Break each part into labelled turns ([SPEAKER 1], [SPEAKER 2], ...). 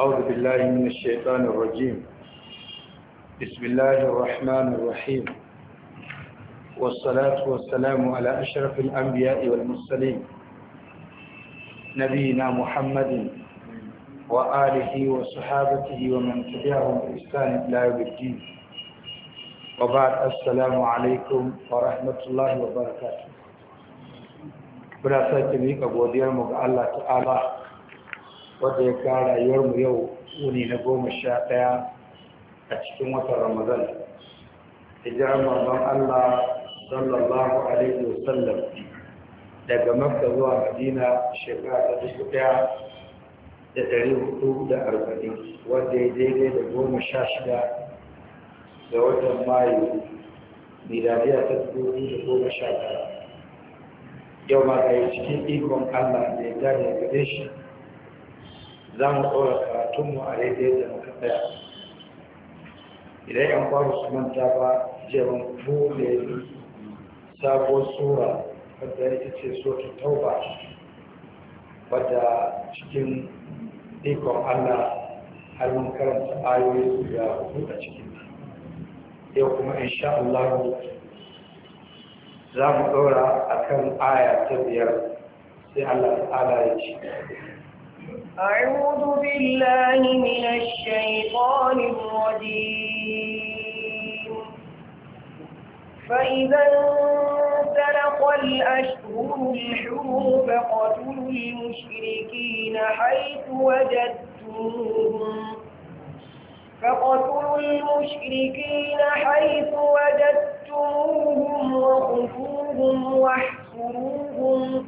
[SPEAKER 1] أعوذ بالله من الشيطان الرجيم بسم الله الرحمن الرحيم والصلاة والسلام على أشرف الأنبياء والمرسلين نبينا محمد وآله وصحابته ومن تبعهم بإحسان إلى يوم الدين وبعد السلام عليكم ورحمة الله وبركاته براسة تبيك أبو ديرمك الله تعالى wadda ya kawo mu yau wuni na goma sha ɗaya a cikin watan ramadan hijirar manzon allah sallallahu alaihi wasallam daga makka zuwa madina shekara ta dubu ɗaya da ɗari hudu da arba'in wadda ya daidai da goma sha shida da watan mayu miliyariya ta dubu da goma sha tara yau ma ga cikin ikon allah da ya gane da shi za mu ɗora karatunmu a daidai da muka tsaya idan yan kwaro su manta ba jeban bude sabuwar sura wadda ita ce so ta tauba wadda cikin ikon allah har mun karanta ayoyi guda hudu a cikin yau kuma insha Allah za mu ɗora a kan aya ta biyar sai Allah ta'ala ya ce
[SPEAKER 2] أعوذ بالله من الشيطان الرجيم فإذا انسلق الأشهر الحرم فاقتلوا المشركين حيث وجدتموهم فاقتلوا المشركين حيث وجدتموهم وخذوهم واحصروهم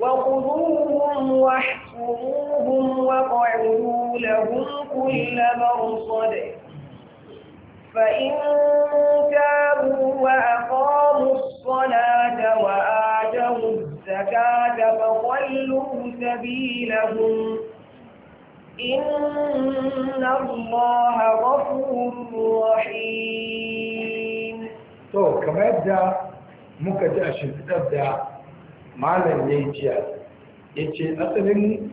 [SPEAKER 2] وخذوهم واحصروهم فاحشروهم وقعدوا لهم كل مرصد فإن تابوا وأقاموا الصلاة وآتوا الزكاة فخلوا سبيلهم إن الله غفور رحيم
[SPEAKER 1] to kamar yadda muka ji a shimfidar da malam ya yi jiya ya ce asalin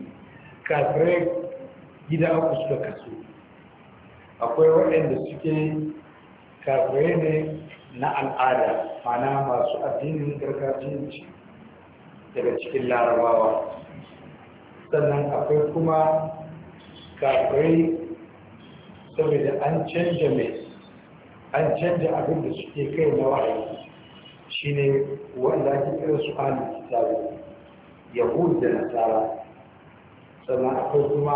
[SPEAKER 1] kafirai
[SPEAKER 2] gida uku suka kasu akwai waɗanda
[SPEAKER 1] suke kafirai ne na al'ada mana masu addinin gargajiyanci daga cikin larabawa sannan akwai kuma kafirai saboda an canja mai an canja abin da suke kai na wahayi shine wanda ake kira su ahlul yahud da nasara sannan akwai kuma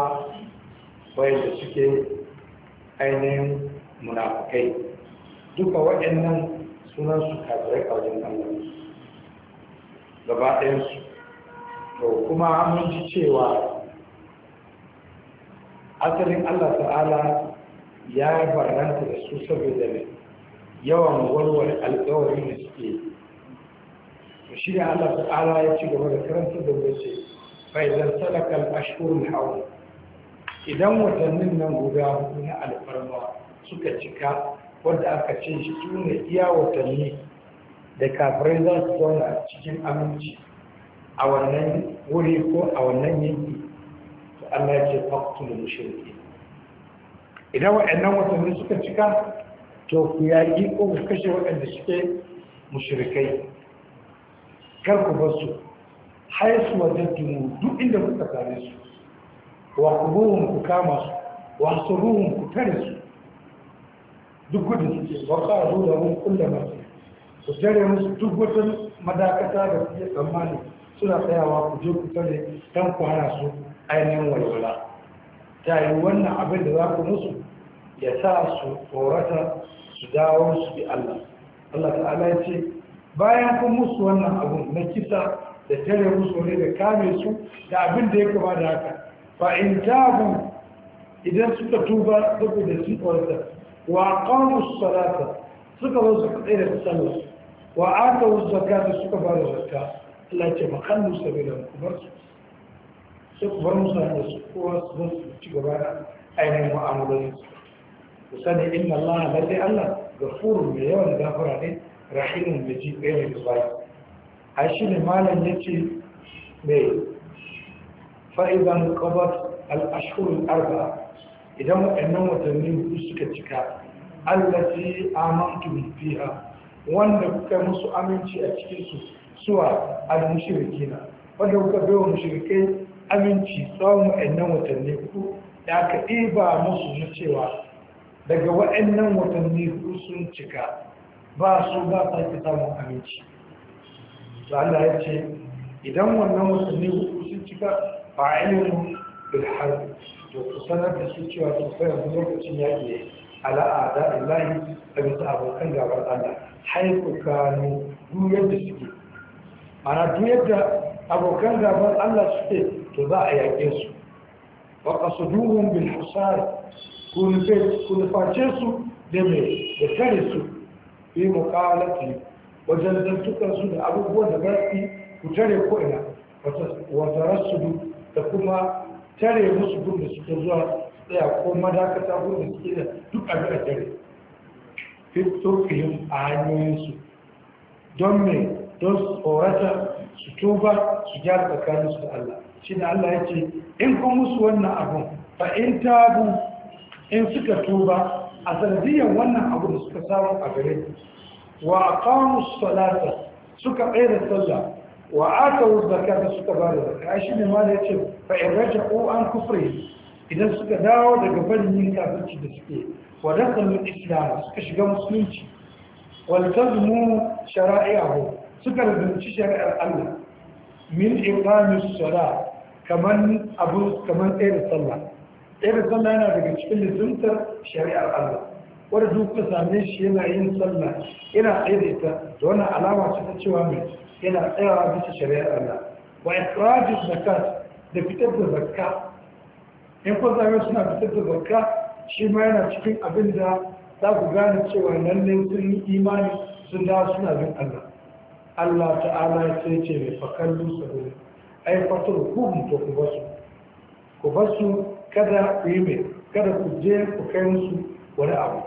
[SPEAKER 1] wayanda suke ainihin munafukai duka waɗannan sunan su kafirai a wajen Allah gaba ɗayansu to kuma mun ji cewa asalin Allah ta'ala ya barnanta da su saboda mai yawan warware alƙawarin da shi ne Allah ta ala ya ci gaba da karanta da wace bai zantala kan ashirin hawa idan watannin nan guda hudu na alfarma suka cika wanda aka ce shi tuna iya watanni da kafirai za su zauna cikin aminci a wannan wuri ko a wannan yanki to Allah ya ce faktulu mushriki idan waɗannan watanni suka cika to ku yaƙi ko ku kashe waɗanda suke mushrikai kar ku bar su haisu wajadtumu duk inda kuka same su wa ruhun ku kama su wa ruhun ku tare su duk gudun su ce, wa qadu mun kulle ma ku tare musu duk wata madakata da kuke tsammani suna tsayawa ku je ku tare don ku hana su ainihin walwala ta yi wannan abin da za ku musu ya sa su tsorata su dawo su bi Allah Allah ta'ala ya ce bayan kun musu wannan abun na kisa da tare musu ne da kame su da abin da ya kama da haka fa in tabu idan suka tuba da su kwarta wa qamu salata suka zo suka tsaya da sallah wa atu zakata suka ba da zakka Allah ce makallu sabila ku bar su ku bar musu da su ko su su ci gaba da ainihin mu'amalar su ku sani inna Allah lalle Allah gafurun mai yawan gafara ne rahimin da ji ɗaya ne da bai. a shi ne malam ya ce mai fa'idan kabar al'ashurin arba idan waɗannan watanni hudu suka cika allazi amantum biya. wanda kuka musu aminci a cikin su suwa al-mushrikina wanda kuka bai wa mushrikai aminci tsawon waɗannan watanni ku? da aka ɗiba musu na cewa daga waɗannan watanni hudu sun cika ba su ba sa ki samun aminci to Allah ya ce idan wannan musulmi uku sun cika ba a ilimin bilhar to ku sanar da su cewa su fayar da lokacin yaƙi ne ala a'da illahi a bisa abokan gabar Allah haiku kanu duk yadda suke ana duk yadda abokan gabar Allah suke to za a yaƙe su wa qasduhum bil husar kun face su da mai su fi muqalati wajen zantukan su da abubuwan da garfi ku tare ko'ina, ina wa da kuma tare musu gun da suke zuwa tsaya ko madakata gun da suke da duk abin da tare fi a hanyoyinsu don me don tsorata su tuba su gyara su da Allah shi da Allah ya ce in kun musu wannan abun fa in tabu in suka tuba a sanadiyar wannan abu da suka samu a gare wa aqamu salata suka tsaya sallah wa atawu zakata suka ba da zakka shi ne ma da yace fa in ko an kufre idan suka dawo daga barin yin kafirci da suke wa dakalu islam suka shiga musulunci wal tazmu shara'i'ahu suka rubuci shari'ar Allah min iqamis sala kamar abu kaman sallah ɗaya da sallah yana daga cikin lizintar shari'ar Allah wadda duk same shi yana yin sallah yana tsaye da ita da wannan alama ce ta cewa mai yana tsayawa bisa shari'ar Allah wa ikhraju zakat da fitar da zakka in ko zabe suna fitar da zakka shi ma yana cikin abin da za ku gane cewa nan ne sun yi imani sun dawo suna bin Allah Allah ta'ala ya ce ce mai fakallu sabu ai fatar hukum to ku basu ku basu kada ku yi mai kada ku je ku kai musu wani abu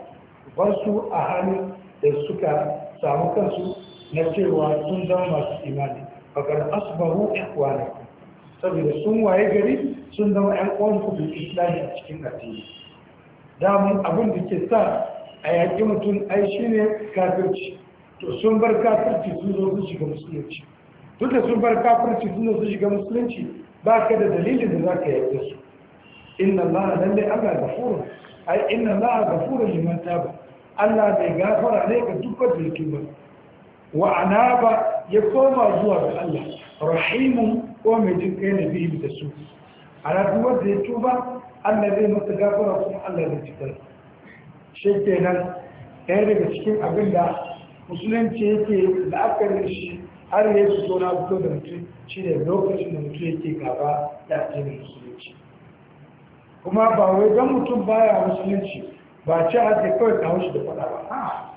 [SPEAKER 1] bar su a hannun da suka samu kansu na cewa sun zama masu imani ikuwa na ku. saboda sun waye gari sun zama 'yan kwan bil islami a cikin addini damun abin da ke sa a yaƙi mutum ai shi ne kafirci to sun bar kafirci sun zo su shiga musulunci duk da sun bar kafirci sun zo su shiga musulunci ba ka da dalilin da za ka yaƙi su inna allaha lalle allah gafurun ai inna allaha gafurun liman taba allah bai gafara ne ga duk wanda ya ba wa anaba ya koma zuwa ga allah rahimun ko mai jin kai ne bihi da su ana duk wanda ya tuba allah zai masa gafara kuma allah zai ci kai shi kenan ɗaya daga cikin abin da musulunci yake la'akarin shi har ya fito na fito da mutum shi ne lokacin da mutum yake gaba da addinin su kuma ba wai don mutum baya musulunci ba ce a zai kawai kawo shi da fada ba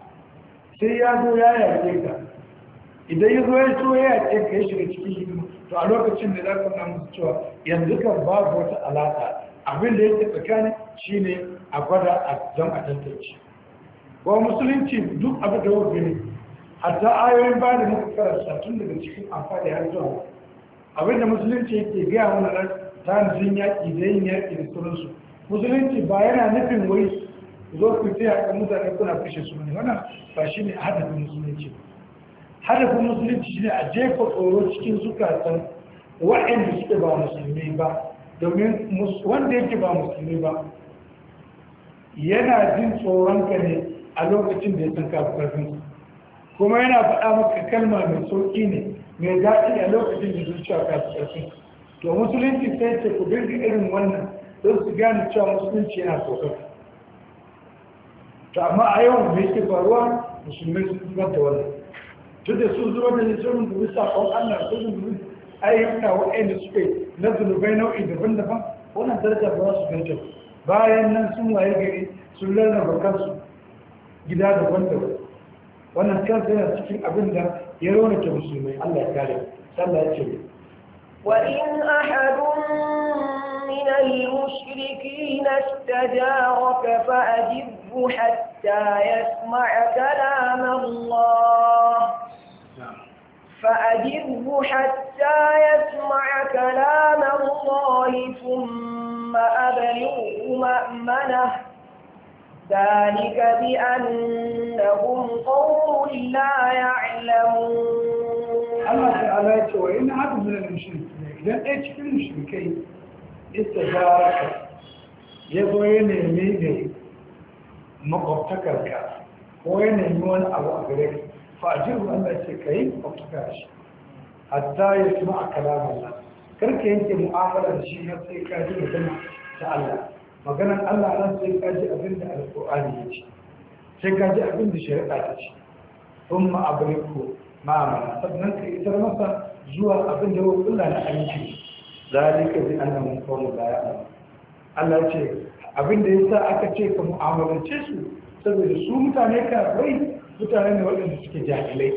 [SPEAKER 1] sai ya zo ya yaƙe ka idan ya zo ya zo ya yaƙe ka ya shiga cikin hidima to a lokacin da za ka mutuwa musu cewa yanzu kan babu wata alaƙa abin da yake tsakani ne a gwada a don a tantance ba musulunci duk abu da wuri ne hatta ayoyin ba da muka karasa tun daga cikin amfani har zuwa abin da musulunci yake gaya mana tanzin yaƙi da yin yaƙi da turansu musulunci ba yana nufin wai zo ku ce a mutane kuna kashe su ne wannan ba shi ne hadafin musulunci hadafin musulunci shi ne a jefa tsoro cikin zukatan waɗanda suke ba musulmi ba domin wanda yake ba musulmi ba yana jin tsoron ka ne a lokacin da ya san kafin karfin kuma yana faɗa maka kalma mai sauƙi ne mai daɗi a lokacin da zuciya kafin karfin to musulunci sai ce ku birgi irin wannan don su gane cewa musulunci yana sosai to amma a yawan mai ke faruwa musulmai sun zubar da wannan tun da sun zubar da ne sun rubuta sakon allah sun rubuta ayyuka waɗanda suke na zunubai nau'i daban-daban wannan daraja ba su ganta bayan nan sun waye gari sun lallaba kansu gida daban-daban wannan kansa yana cikin abin da ya raunata musulmai allah ya kare sallah ya ce
[SPEAKER 2] وإن أحد من المشركين استجارك فأجبه حتى يسمع كلام الله فأجبه حتى يسمع كلام الله ثم أبلغه مأمنه ذلك بأنهم قوم لا يعلمون الله تعالى
[SPEAKER 1] وإن عبد من المشركين don ɗaya cikin shirkai ita za ka ya zo ya nemi ne makwabtakarka ko ya nemi wani abu a gare ka fa'ajiru Allah ce ka yi makwabtaka shi hatta ya suma a kalamin nan karka yanke mu'amala da shi har sai ka ji magana ta Allah maganar Allah nan sai ka ji abin da alƙur'ani ya ce sai ka ji abin da shari'a ta ce sun ma'abaliku ma'amala sannan ka isar masa zuwa abin da kula na aminci zalika bi annahum da ya ɗan Allah ce abin da sa aka ce ka mu'amalance su saboda su mutane ka kafirai mutane ne waɗanda suke jahilai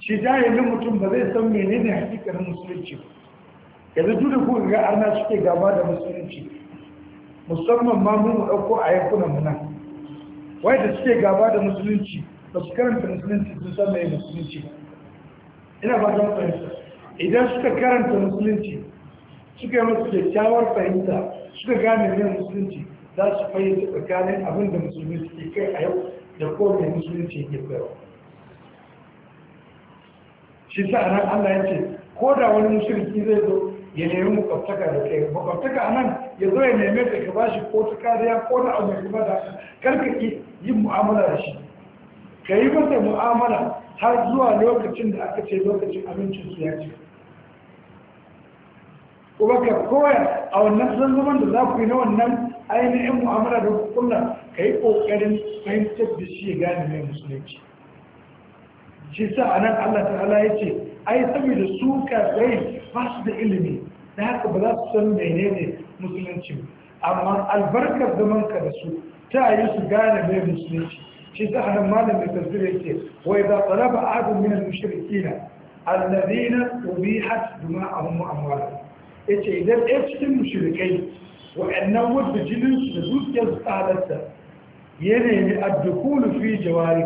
[SPEAKER 1] shi jahilin mutum ba zai san menene hakikarin musulunci ba yanzu duk da ku ga arna suke gaba da musulunci musamman ma mun ɗauko a yankunan mu nan wai da suke gaba da musulunci ba su karanta musulunci sun san me musulunci ba ina ba don fahimta idan suka karanta musulunci suka yi masu kyakkyawar fahimta suka gane ne musulunci za su fahimta tsakanin abin da musulmi suke kai a yau da kome musulunci ke kai shi sa nan allah ya ce ko da wani musulunci zai zo ya nemi makwabtaka da kai makwabtaka a nan ya zo ya neme ka ka ba shi ko ta kariya ko na abu da kuma da karka yi mu'amala da shi ka yi masa mu'amala har zuwa lokacin da aka ce lokacin abincin su ya ce kuma ka koya a wannan zanzaman da za ku yi na wannan ainihin mu'amala da kulla ka yi ƙoƙarin fahimtar da shi ya gane mai musulunci shi sa a nan allah ta'ala ya ce ai saboda su ka ba su da ilimi da haka ba za su san menene musulunci amma albarkar zamanka da su ta yi su gane mai musulunci shi ta hannun malam mai tafsir Wai wa idza talaba ahadun min al-mushrikeena alladheena ubihat dima'ahum wa amwaluhum yace idan ɗaya cikin mushrikai wa'annan wadda jinin su da zuciyar su ta ya nemi addukulu fi jawari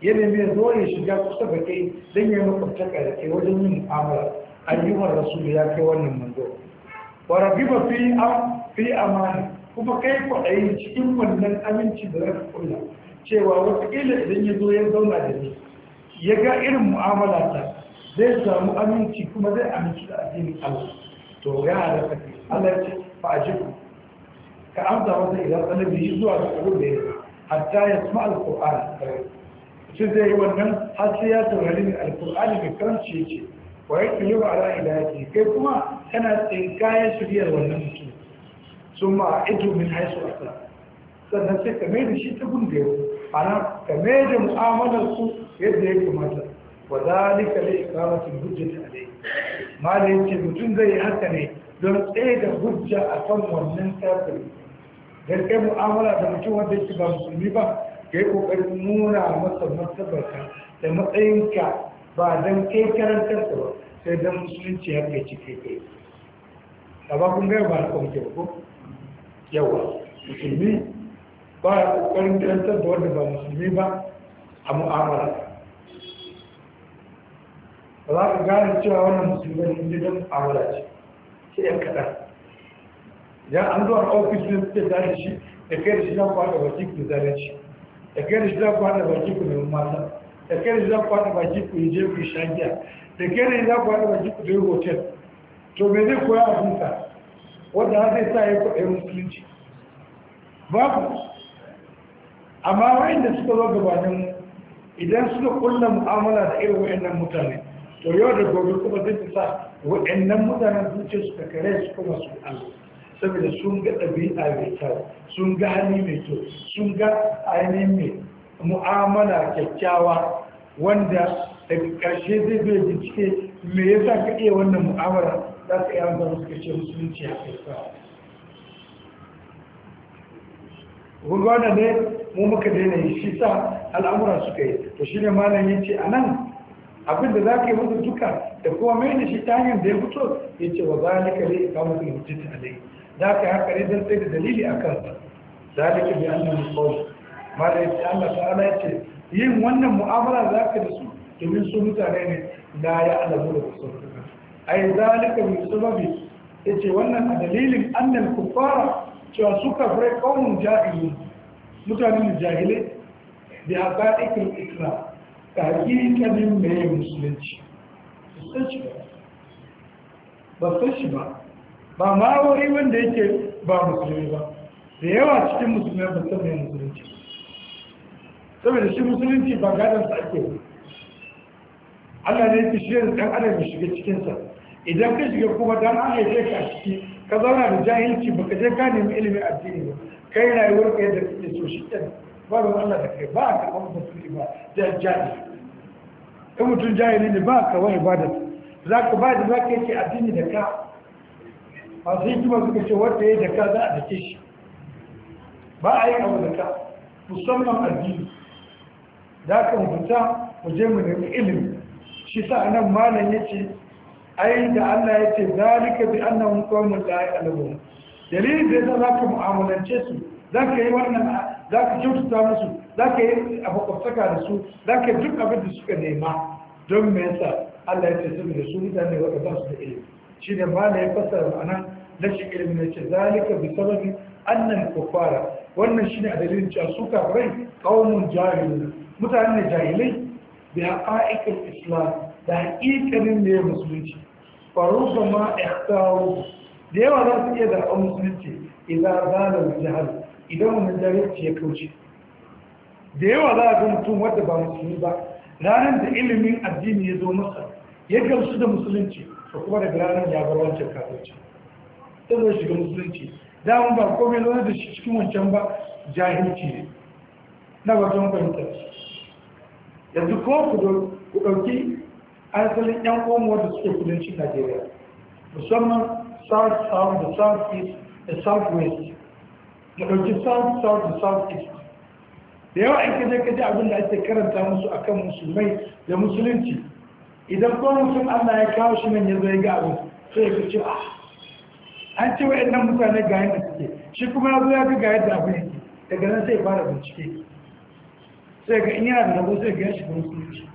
[SPEAKER 1] ya nemi zo ya shiga kusa ba kai dan ya makwabtaka da wajen yin mu'amala ayyuhar rasulu ya kai wannan manzo wa ragiba fi fi amani kuma kai kwaɗayi cikin wannan aminci da zaka kulla cewa wataƙila idan ya zo ya zauna da ni ya ga irin mu'amala ta zai samu aminci kuma zai aminci da addinin Allah to ya halaka Allah ya ce fa ajibu ka amsa masa idan talabi shi zuwa da abu da ya hatta ya sama alqur'ani shi zai yi wannan har sai ya taurari ne alƙur'ani mai karanci yake wa ya wa ala'i da yake kai kuma kana tsinkayen shiriyar wannan mutum sun ma ido min haisu asa sannan sai ka mai da shi ta gungaye ana game da mu'amalar su yadda ya kamata wa zalika li iqamati hujjati alayhi malin ce mutum zai yi haka ne don tsaye da hujja akan wannan kafiri dan kai mu'amala da mutum wanda yake ba musulmi ba kai kokarin nuna masa martabarka da matsayinka ba dan kai karantar ba sai dan musulunci ya kai cike kai ba kun ga ba ko yawa musulmi ba ya kokarin karantar da wanda ba musulmi ba a mu'amala ba za ka gane cewa wannan musulmi ne inda don mu'amala ce ke yan kaɗan ya an zuwa ofis ne suke zane shi da kai da shi zan kwaɗa baki ku zane shi da kai da shi zan kwaɗa baki ku nemi mata da kai da shi zan kwaɗa baki ku je ku shagiya da kai da shi zan kwaɗa baki ku zai hotel to me zai koya abinka wanda har zai sa ya kwaɗa musulunci babu amma wayanda suka zo gabanin idan suka kulla mu'amala da irin wayannan mutane to yau da gobe kuma zai sa wayannan mutanen zuciya suka kare su kuma su Allah saboda sun ga ɗabi'a mai kyau sun ga hali mai kyau sun ga ainihin mai mu'amala kyakkyawa wanda daga ƙarshe zai bai bincike me yasa ka iya wannan mu'amala za ka iya zama suka ce musulunci a kai sa. Gwagwana ne mu muka daina yi shi sa al'amura suka yi to shi ne malam ya ce a nan abin da za ka yi masa duka da kuma mai da shi ta hanyar da ya fito ya ce wa zalika ne ka musu ta alai za ka yi haka ne don sai da dalili a kan? a zalika bi annan qawl malam ya ce Allah ta'ala ya ce yin wannan mu'amala za ka da su domin su mutane ne na ya alamu da su ai zalika bi sababi ce wannan a dalilin annal kuffara cewa suka fara kaumun jahilin Mutane da jahilai da ba ikin ikra ta hakikanin mai musulunci su san shi ba ba san shi ba ba ma wuri wanda yake ba musulmi ba da yawa cikin musulmi ba san mai musulunci saboda shi musulunci ba gadon sa ake yi Allah ne ya fi shirin da ɗan adam ya shiga cikinsa idan ka shiga kuma dan an haife ka a ciki ka zauna da jahilci baka je ka nemi ilimin addini ba kai rayuwar ka yadda kake so shi ɗan ba da Allah da kai ba a karɓar musulmi ba da jahili ka mutum jahili ne ba a wani ibada za ka ba da za ka yake addini da ka masu hikima suka ce wata ya da ka za a dake shi ba a yi abu da ka musamman addini za ka mutunta mu je mu nemi ilimi shi sa nan malam ya ce ai da Allah ya ce zalika bi annahum qaumun la ya'lamun dalilin da yasa ka mu'amalance su Za ka yi wannan Za ka kyautata musu ka yi abukwafsaka da su Za ka yi duk abin da suka nema don me yasa Allah ya ce da su mutane wanda ba su da ilimi shine ba ne ya da fassara anan rashin ilimi ne ce zalika bi sababi annal kufara wannan shi ne a dalilin cewa su kafirai qaumun jahilun mutane jahilai bi haqa'iqil islam da haƙiƙanin ne musulunci faruwa ma ihtaru da yawa za su iya zaɓa musulunci idan zalar jihar idan wani jahilci ya kauce da yawa za a ga mutum wadda ba musulmi ba ranar da ilimin addini ya zo masa ya gamsu da musulunci to kuma daga ranar ya bar wancan kafirci ta zo shiga musulunci damun ba komai zo da shi cikin wancan ba jahilci ne na wajen fahimta yanzu ko ku ɗauki asalin yan omo da suke kudancin najeriya musamman south south da south east da south west da ɗauki south south da south east da yawa in kaje kaje abin da ake karanta musu akan musulmai da musulunci idan ko mutum allah ya kawo shi nan ya zo ya ga abin sai ya fice a ah, an ce nan mutane ga yadda suke shi kuma ya zo ya ga yadda abin yake daga nan sai fara bincike sai ga in yana da rabo sai ga yashi ga musulunci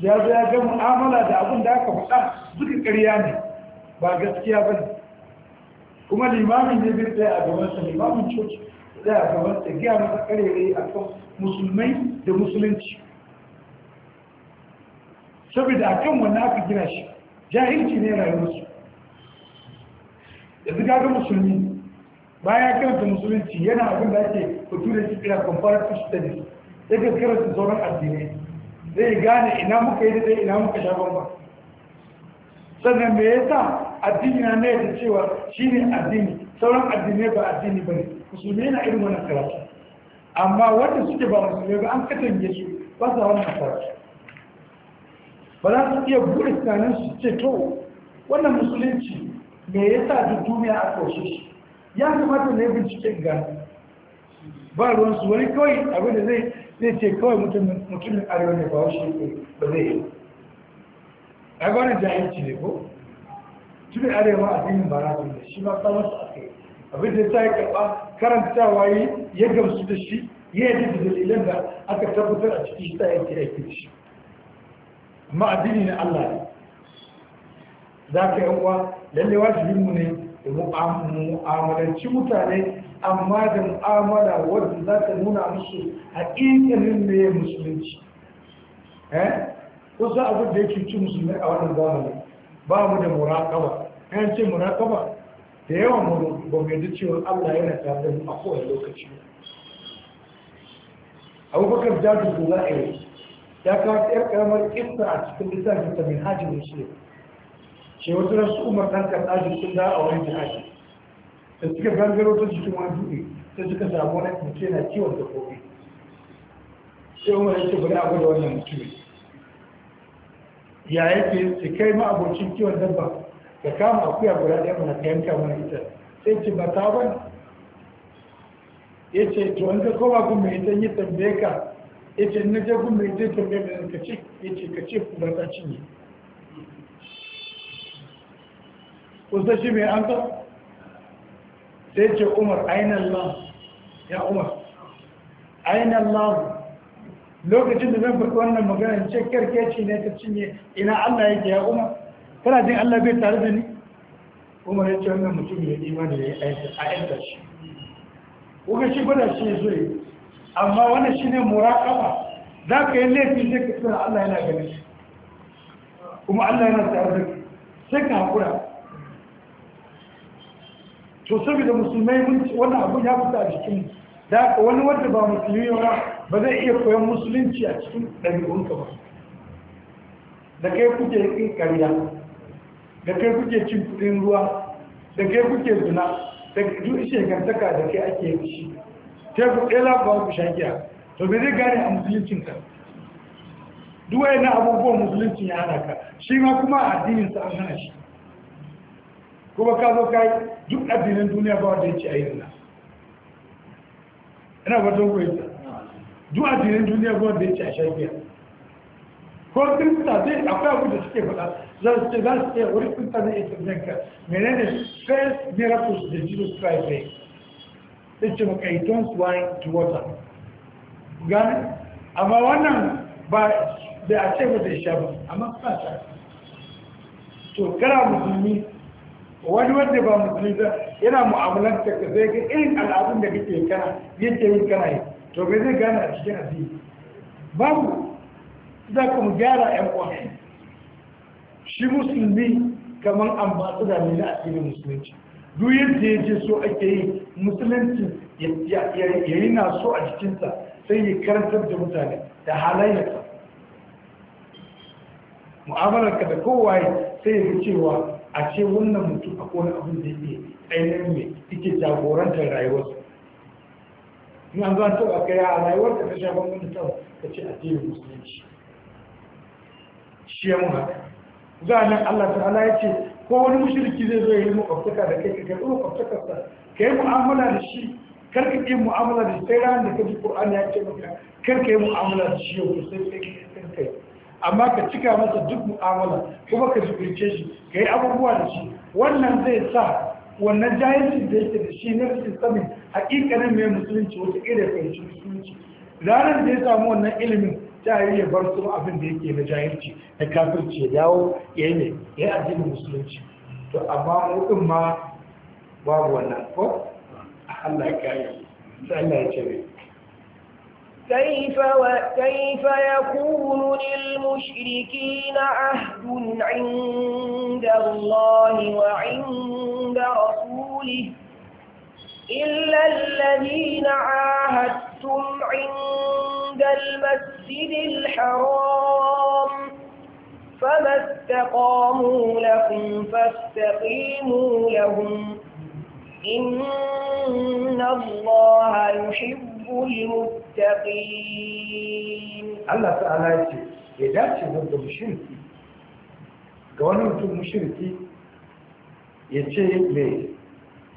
[SPEAKER 1] ya zo ya ga mu'amala da abin da aka faɗa duka ƙarya ne ba gaskiya ba ne kuma limamin ne bai tsaye a gabansa limamin coci tsaye a gabansa giya masa ƙarere a kan musulmai da musulunci saboda a kan wani aka gina shi jahilci ne rayuwarsu yanzu ga musulmi bayan karanta musulunci yana abin da ake fito da shi kira comparative studies ya karanta sauran addinai zai gane ina muka yi da ina muka sha ba sannan me yasa addini na na yadda cewa shi ne addini sauran addini ba addini ba ne musulmi na irin wani karatu amma wanda suke ba musulmi ba an katon yesu ba sa wani karatu ba za su iya buɗe tunanin su ce to wannan musulunci me yasa duk duniya a kaushe shi ya kamata ne bincike gani ba ruwansu wani kawai abin da zai zai ce kawai mutumin arewa ne ba washe ba zai yi a gwanin jahilci ne ko mutumin arewa a zinin ba rasu ne shi ma samun su a kai abin da ta yi karɓa karanta waye ya gamsu da shi ya yi da dalilan da aka tabbatar a cikin shi ta yi aiki da shi amma addini na allah ne za ka yi uwa lalle wajibinmu ne da mu'amalanci mutane amma da mu'amala wadda za ta nuna musu haƙiƙanin me musulunci eh kusa abin da ya cuci musulmi a wannan zamani ba mu da muraƙaba kan ce muraƙaba da yawan mu ba mai da cewa Allah yana tare da mu a kowane lokaci abubakar jadu zula'ir ya kawo ɗayar ƙaramar ƙista a cikin littafin ta min hajji musulmi ce wata rasu umar ɗan karɗaji sun da a wani jihadi da suka gangaro ta cikin wani dutse sai suka samu wani mutum na kiwon kofi sai umar ya ce bari abu da wannan mutum ya yake su kai ma abocin kiwon dabba da kama akuya guda ɗaya mana ta yanka mana ita sai ce ba ta ban ya ce to an ka koma kun mai ita yi tambaye ka ya ce na je kun mai ita tambaye ka ka ce ya ce ka ce kuma ta cinye kusa shi mai an ka sai ce umar ainihin lam ya umar ainihin lam lokacin da zan faɗi wannan maganar ce karkeci ne ta cinye ina allah yake ya umar kana jin allah bai tare da ni umar ya ce wannan mutum ya imanin ya yi a yanka shi kuka shi gwada shi ya zoye amma wani shi ne muraƙaba za ka yi laifi sai ka tsira allah yana ganin shi kuma allah yana tare da sai ka haƙura to saboda musulmai mun wannan abu ya fita a cikin da wani wanda ba musulmi ba ba zai iya koyon musulunci a cikin ka ba da kai kuke yin kariya da kai kuke cin kuɗin ruwa da kai kuke zina da duk gantaka da kai ake yi shi ta ku ɗaya ba ku shakiya to bai zai gane a ka duk na abubuwan musuluncin ya hana ka shi ma kuma addinin sa an hana shi kuma ka zo kai duk addinin duniya ba wanda ya ce a yi zina ina ba don koyi duk addinin duniya ba wanda ya ce a shafiya ko kirista zai akwai abu da suke faɗa za su ce za su ce wani kirista zai iya tambayin ka menene first miracles da jesus christ ne sai ce maka he turns wine to water gane amma wannan ba da a ce ba zai sha ba amma suna ta to kara musulmi wani wanda ba musulmi ba yana mu'amalanta ka zai ga irin al'adun da kake kana yake yin kana yi to bai zai gane a cikin addini babu za ka mu gyara yan uwa shi musulmi kamar ambasada ne na addinin musulunci duk yadda ya ce so ake yi musulunci ya yi na so a jikinsa sai ya karantar da mutane da halayyarsa ka da kowaye sai ya fi cewa a ce wannan mutum a kone abin da yake ainihin ne ita jagorantar rayuwarsa in an zuwa taɓa yi a rayuwar da ta shafa wani taɓa ta ce addinin musulunci shi ya mun haka za a nan allah ta'ala ya ce ko wani mushriki zai zo ya yi makwabtaka da kai ka karɓi sa, ka yi mu'amala da shi kar ka yi mu'amala da shi sai ranar da ka ji ƙur'ani ya ce maka kar ka yi mu'amala da shi yau sai kai kai amma ka cika masa duk mu'amala kuma ka zubirce shi ka yi abubuwa da shi wannan zai sa wannan jahilci da yake da shi na rashin sami hakikanin mai musulunci wata ƙira fahimci musulunci ranar da ya samu wannan ilimin yi ya bar kuma abin da yake na jahilci na kafirci ya dawo ya yi ne ya yi addinin musulunci to amma mu din ma babu wannan ko Allah ya kare Allah ya cire
[SPEAKER 2] كيف وكيف يكون للمشركين عهد عند الله وعند رسوله إلا الذين عاهدتم عند المسجد الحرام فما استقاموا لكم فاستقيموا لهم إن الله يحب المتقين
[SPEAKER 1] Allah ya dace da mushriki ga wani mutum mushriki ya ce me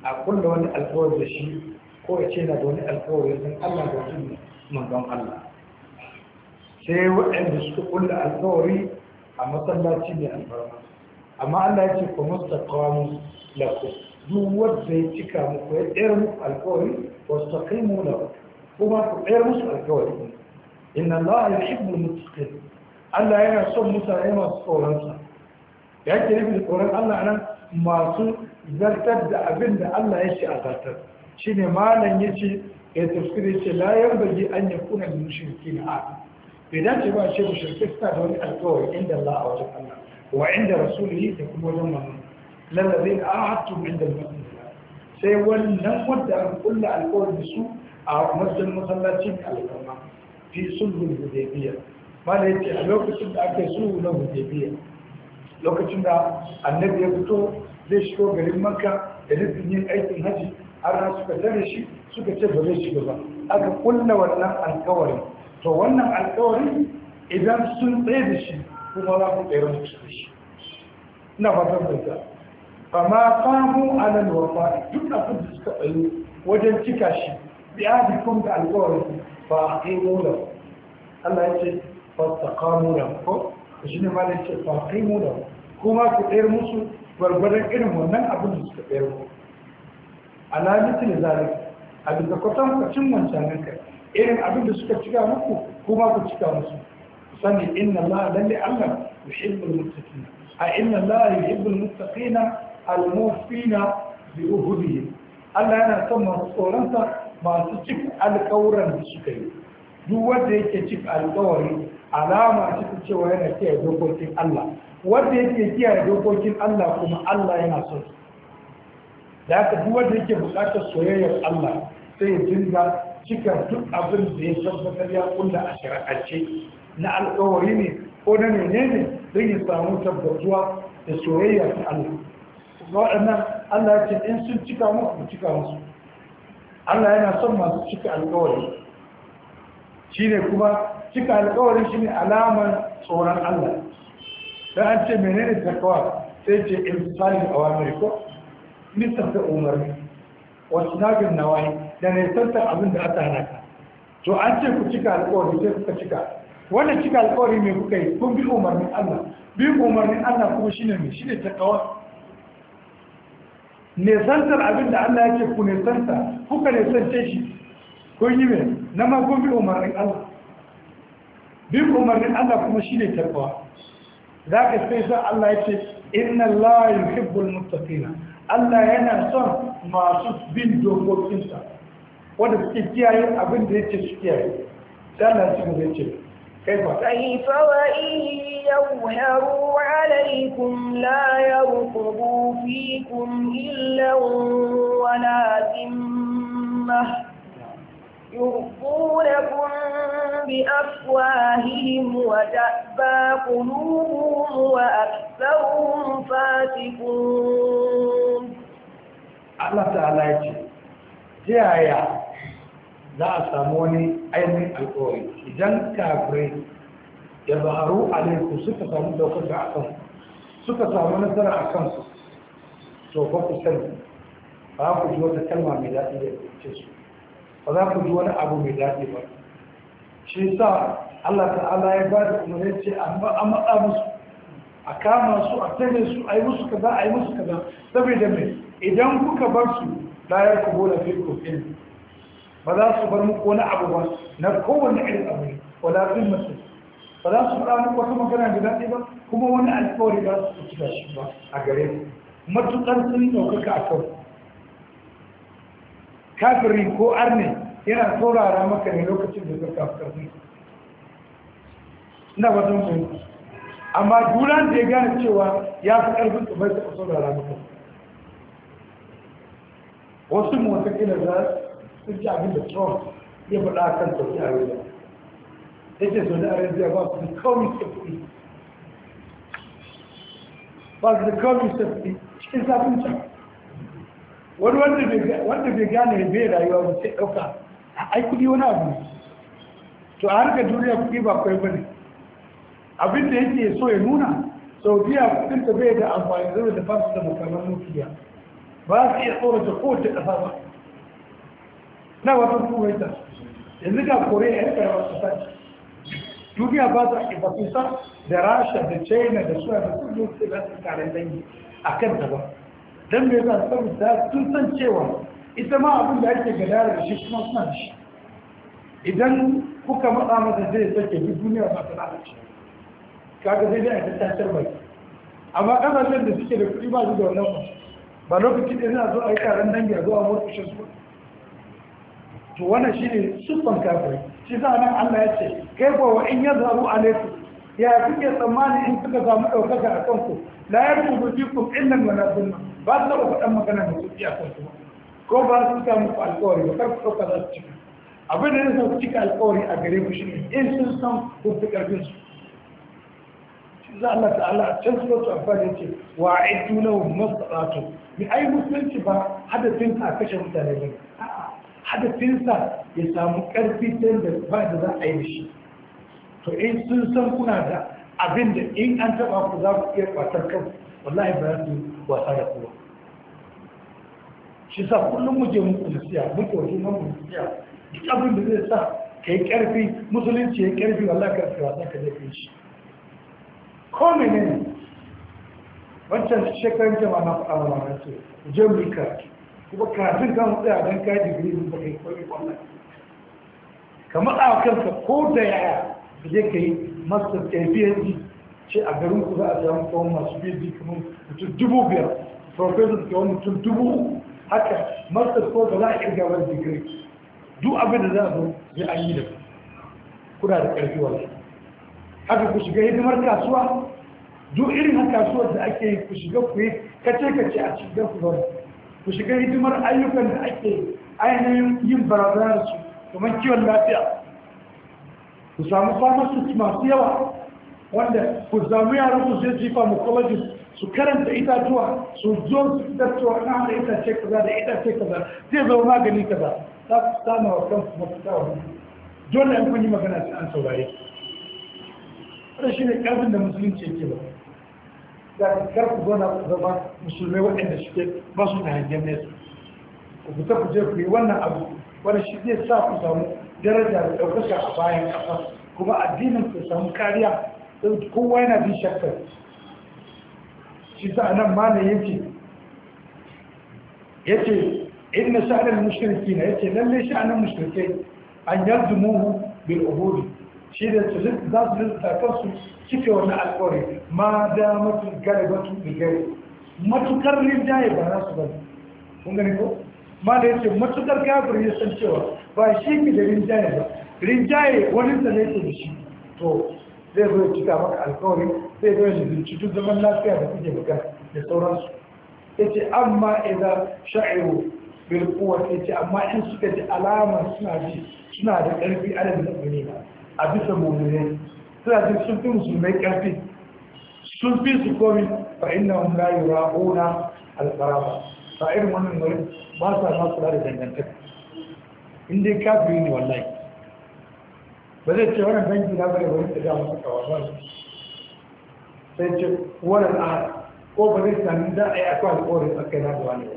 [SPEAKER 1] a kulla wani alƙawari da shi, ko ya ce na da wani alkawari don Allah da wajen manzon Allah sai waɗanda suka kulla alkawari a masallaci ne alfarma amma Allah ya ce ku mustaqamu lakum duk wanda ya cika muku ya tsere muku alkawari wastaqimu lakum kuma ku tsayar musu alkawari inna Allah ya shibu mutaqin Allah yana son mutane masu tsoronsa. ya ke nufi tsoron Allah nan masu zartar da abin da Allah ya ce a zartar shine malam yace ya tafsiri ce la yambagi an ya yakuna lil na a bai dace ba ce mushrikin suna da wani alkawari inda Allah a wajen Allah wa inda rasulihi da kuma wajen manzon lallazina ahadtum inda al-mu'minin sai wannan wanda an kulla alkawari da su a masjid masallacin alkama fi sulhul hudaybiya mana yace a lokacin da aka yi na hudaybiya lokacin da annabi ya fito zai shigo garin makka da nufin yin aikin haji har suka tare shi suka ce ba zai shiga ba aka kulla wannan alkawarin to wannan alkawarin idan sun tsaye da shi kuma za ku tsere da shi ina fatan da ba ma fahimu alal wafa duk abin da suka tsaye wajen cika shi في عهد الكون ده اللي هو فاقيم الله يجي فاستقام ولا جن ما يجي فاقيم ولا كما كتير مسو وربنا كنه من أبو نسكتير على مثل ذلك أبو نسكتام كتير من شأنك إيه أبو نسكتير مكو كما كتير مسو سني إن الله لن يعلم يحب المتقين أي إن الله يحب المتقين الموفين بأهديه الله أنا أقول صورنته masu cik alkawuran da suka yi duk wanda yake cik alkawari alama cikin cewa yana kiyaye dokokin Allah wanda yake kiyaye dokokin Allah kuma Allah yana son su da haka duk wanda yake bukatar soyayyar Allah sai ya dinga cika duk abin da ya tabbatar ya kulla a shari'ance na alkawari ne ko na menene don ya samu tabbatuwa da soyayya ta Allah waɗannan Allah ya ce in sun cika muku cika musu Allah yana son masu cika alkawari shi ne kuma cika alkawari shi ne alamar tsoron Allah don an ce menene takawa sai ce wani riko nisan ta umarni wasu nagin nawayi da nisanta abin da aka hana ka to an ce ku cika alkawari sai kuka cika wannan cika alkawari mai kuka yi kun bi umarnin Allah bi umarnin Allah kuma shi ne mai ne takawa nesantar abin da Allah ya ce ku nesanta kuka nesance shi kun yi mai na magun bi umarnin Allah bin umarnin Allah kuma shi ne tarbawa za ka sai sa Allah ya ce inna Allah ya hibbul mutafina Allah yana son masu bin dokokinsa wanda suke kiyaye abin da ya ce su kiyaye sai Allah ya ce كيف
[SPEAKER 2] وإن يظهروا عليكم لا يرقبوا فيكم إلا ولا ذمة يرقونكم بأفواههم وتأبى قلوبهم وأكثرهم فاسقون
[SPEAKER 1] الله تعالى يقول جاء يا za a samu wani ainihin alkawari idan kafirai ya zaharu laifu suka samu daukar da akan suka samu nasara a kansu to ba ku sani ba ku ji wata kalma mai daɗi da ce su ba za ku ji wani abu mai daɗi ba shi sa Allah ta'ala ya ba da umarai ce an matsa musu a kama su a tare su a yi musu kaza a yi musu kaza saboda mai idan kuka bar su layar ya kubo da fi kofin ba za su bar muku wani abu ba na kowane irin abu ne, wala sun mutu ba za su faɗa muku wata magana da daɗi ba kuma wani alƙawari ba su ci da shi ba a gare ku matuƙar sun ɗaukaka a kan kafiri ko arne yana saurara maka ne lokacin da zaka kafin ina ba zan fahimta amma duran da ya gane cewa ya fi ƙarfin su bai taɓa saurara maka wasu motsa kila za su. sun ji abin da trump ya faɗa a kan saudi arabia ya ce saudi arabia ba su kawo kawai safety ba su da kawai safety cikin zafin can wani wanda bai gane bai rayuwa ba sai ɗauka ai kuɗi wani abu to a harkar duniya kuɗi ba kwai ba ne abin da yake so ya nuna saudiya kudin ta bai da amfani zama da fasu da makaman nukiliya ba su iya tsorata kowace ƙasa ba na wata kuwaita yanzu ga kore ya karamar su sosai. duniya ba ta ibafisa da rasha da china da suna da kudu su da su karen dangi a kan ta ba don me za su saboda sun san cewa ita ma abin da ake gadara da shi kuma suna da shi idan kuka matsa masa zai sake bi duniya ba ta lalace kaga zai dai a tattashar bai amma kasashen da suke da kuɗi ba su da wannan ba lokacin da yana zo a yi taron dangi a zuwa motsa shi su to wannan shine siffan kafiri shi sa nan Allah ya ce kai ko wa in yazharu alaikum ya kuke tsammani in suka samu daukaka a kanku la yarjudu fikum illan wala dhulma ba su ku faɗan magana da kuɗi a kanku ko ba su samu alƙawari ba kar ku ɗauka za su cika abin da zai ku cika alƙawari a gare ku shine in sun san ku fi ƙarfin su za Allah ta'ala can suratu amfani ya ce wa a'iddu lahum mastata'tum bi ai musulunci ba hadafin a kashe mutane ba hadafinsa ya samu ƙarfi ta da ba da za a yi shi to in sun san kuna da abin da in an taɓa ku za ku iya kwatar kan wallahi ba su wasa da kowa shi sa kullum mu je muku musiya mu kyautu nan mu musiya duk abin da zai sa ka yi ƙarfi musulunci ya yi ƙarfi wallahi ka fi wasa ka zai shi ko menene wancan shekarun jama'a na faɗa wa mamaki je mu yi karatu kuma kafin ka mutu a don kaji gudun ba kai kwaye wannan kamar a kanka ko da yaya da ya kai master kfsd ce a garin ku za a samu kawon masu bd kamar mutum dubu biyar professor ke wani mutum dubu haka master ko da za a iya wani digiri duk abin da za a zo zai an yi da kuna da ƙarfi wani haka ku shiga hidimar kasuwa duk irin kasuwar da ake ku shiga ku yi kace kace a cikin ku zaune ku shiga hidimar ayyukan da ake ainihin yin barazanar su kamar kiwon lafiya ku samu pharmacist masu yawa wanda ku zamu yaran su zai jifa mucologist su karanta itatuwa su zo su fitattuwa na hana itace kaza da itace kaza zai zama magani kaza za ku samu wa kansu mafita wa dole an kun yi magana sai an saurari shi ne ƙarfin da musulunci yake ba. kar ku zauna ku zama musulmai waɗanda suke ba su da hangen nesa ku fita ku je ku yi wannan abu wani shi zai sa ku samu daraja da ɗaukaka a bayan ƙasa kuma addinin ku samu kariya kowa yana bin shakkar shi sa nan ma ne yake yace inna sha'anin mushriki na yace lalle sha'anin mushrikai an yardu muhu bil ubudi shi da su za su rinta kansu cike wani alƙawari ma da mutum gare batun gare matukar rinjaye ba su ba kun gani ko ma da yace matukar kafir ya san cewa ba shi ke da rinjaye ba rinjaye wani sa ne da shi to zai zo cika maka alƙawari zai zo ya binci duk zaman lafiya da kuke buga da sauransu yace amma idan sha'iru bil quwwati yace amma in suka ji alama suna ji suna da ƙarfi adadin da ne a bisa mu'minai suna sun fi musulmai ƙarfi sun fi su komi fa inna hum la yura'una al-qaraba fa irin wannan wurin ba sa ma kula da dangantaka in dai kafiri ne wallahi ba zai ce wani banki na bare wani da mu suka wa ba sai ce wannan a ko ba zai sami da ai akwai alƙawarin tsakai na da wani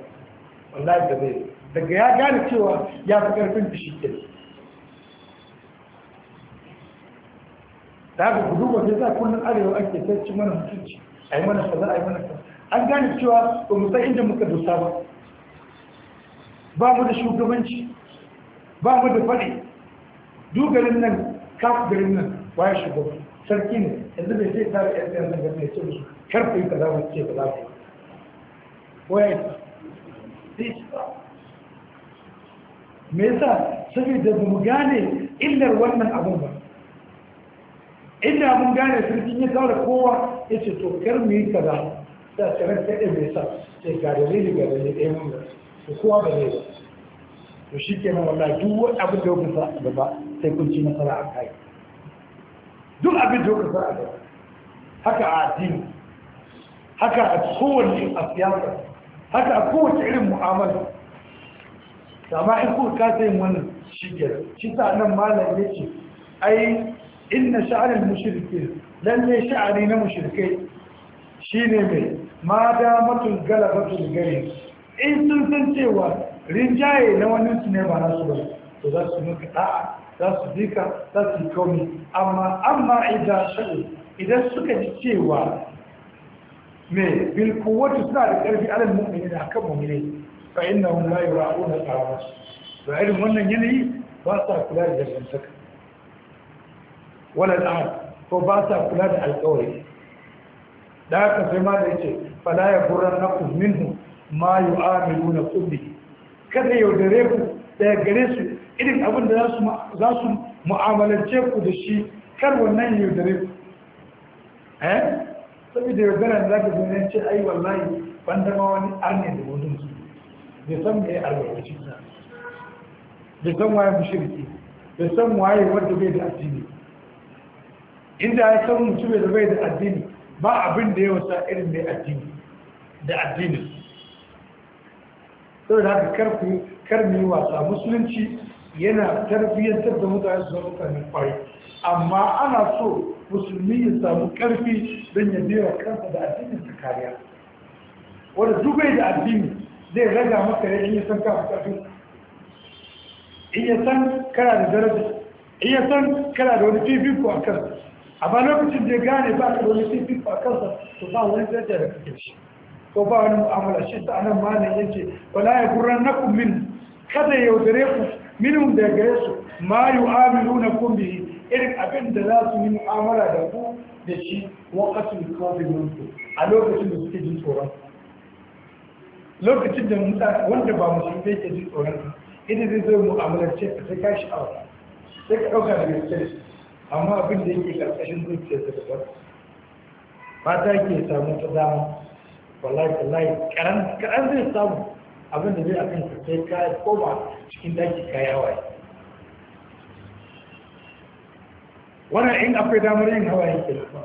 [SPEAKER 1] wallahi da zai daga ya gane cewa ya fi ƙarfin da shi kenan da haka ku duba sai za kullum arewa ake ta ci mana mutunci a yi mana kaza a yi mana kaza an gane cewa ba mu san inda muka dosa ba ba mu da shugabanci ba mu da faɗi dogarin nan kaf garin nan waye shugaba sarki ne yanzu bai sai tare yan yan nan mai ce musu karfe yi kaza mu ce kaza mu waye me yasa saboda ba mu gane illar wannan abun ba inda mun gane sarkin ya kawo da kowa ya ce to kar mu yi kaza da tsirar kaɗe mai sa sai gare da zai ga ne ɗaya mun da kowa ba ne ba to shi ke nan wallahi duk wani abin da ya kusa a gaba sai kun ci nasara a kai duk abin da ya kusa a gaba haka a addini haka a kowanne a siyasa haka a kowace irin mu'amala amma in kuka kasa yin wannan shi ke shi sa nan malam ya ce ai inna sha'arin mushrike lalle sha'ari na mushrikai shine mai ma da matul galabatul gari in sun san cewa rinjaye na wani su ne ba nasu ba to za su maka da'a za su bika za su kauni amma amma idan sha'u idan suka ji cewa mai bilkuwatu suna da ƙarfi alal mu'mini da kan mu'mini fa wani hum la yura'una ta'awus ba irin wannan yanayi ba sa kula da dangantaka wala al'ahad ko ba sa kula da alƙawari da haka sai ma da yace fala ya na nakum minhu ma yu'amiluna kulli kada yaudare ku daga gare su irin abin da za su mu'amalance ku da shi kar wannan yaudare ku eh saboda yaudara za ka zo ne ce ai wallahi ban dama wani arne da gudun su bai san me albarkaci bai san waye mushriki bai san waye wanda bai da addini inda ya san mutum da bai da addini ba abin da ya wasa irin mai addini da addini da haka karfi karni wasa musulunci yana tarbiyyantar da mutane su zama mutane kwari amma ana so musulmi ya samu karfi don ya biya kansa da addinin ta kariya wanda dubai da addini zai raga maka ya iya san kafin karfin iya san kara da daraja iya san kara da wani fifiko a kansa amma lokacin da ya gane ba da wani sifi ba kansa to ba wani zai da kake shi ko ba wani mu'amala shi ta anan ma ne yake wala ya gurran na ku min kada ya yaudare ku minhum da gare su ma yu'amiluna kum bihi irin abin da za su yi mu'amala da ku da shi kawai qawli minkum a lokacin da suke jin tsoron lokacin da mutane wanda ba musulmi ke jin tsoron idan zai zo mu'amalar ce ka sai kashi a sai ka dauka da gaske amma abin da yake karkashin zuciyar da daban fata ke samu ta dama wallahi wallahi karan karan zai samu abin da zai akan ka sai ka koma cikin daki ka yawaye wannan in akwai damar yin hawaye ke da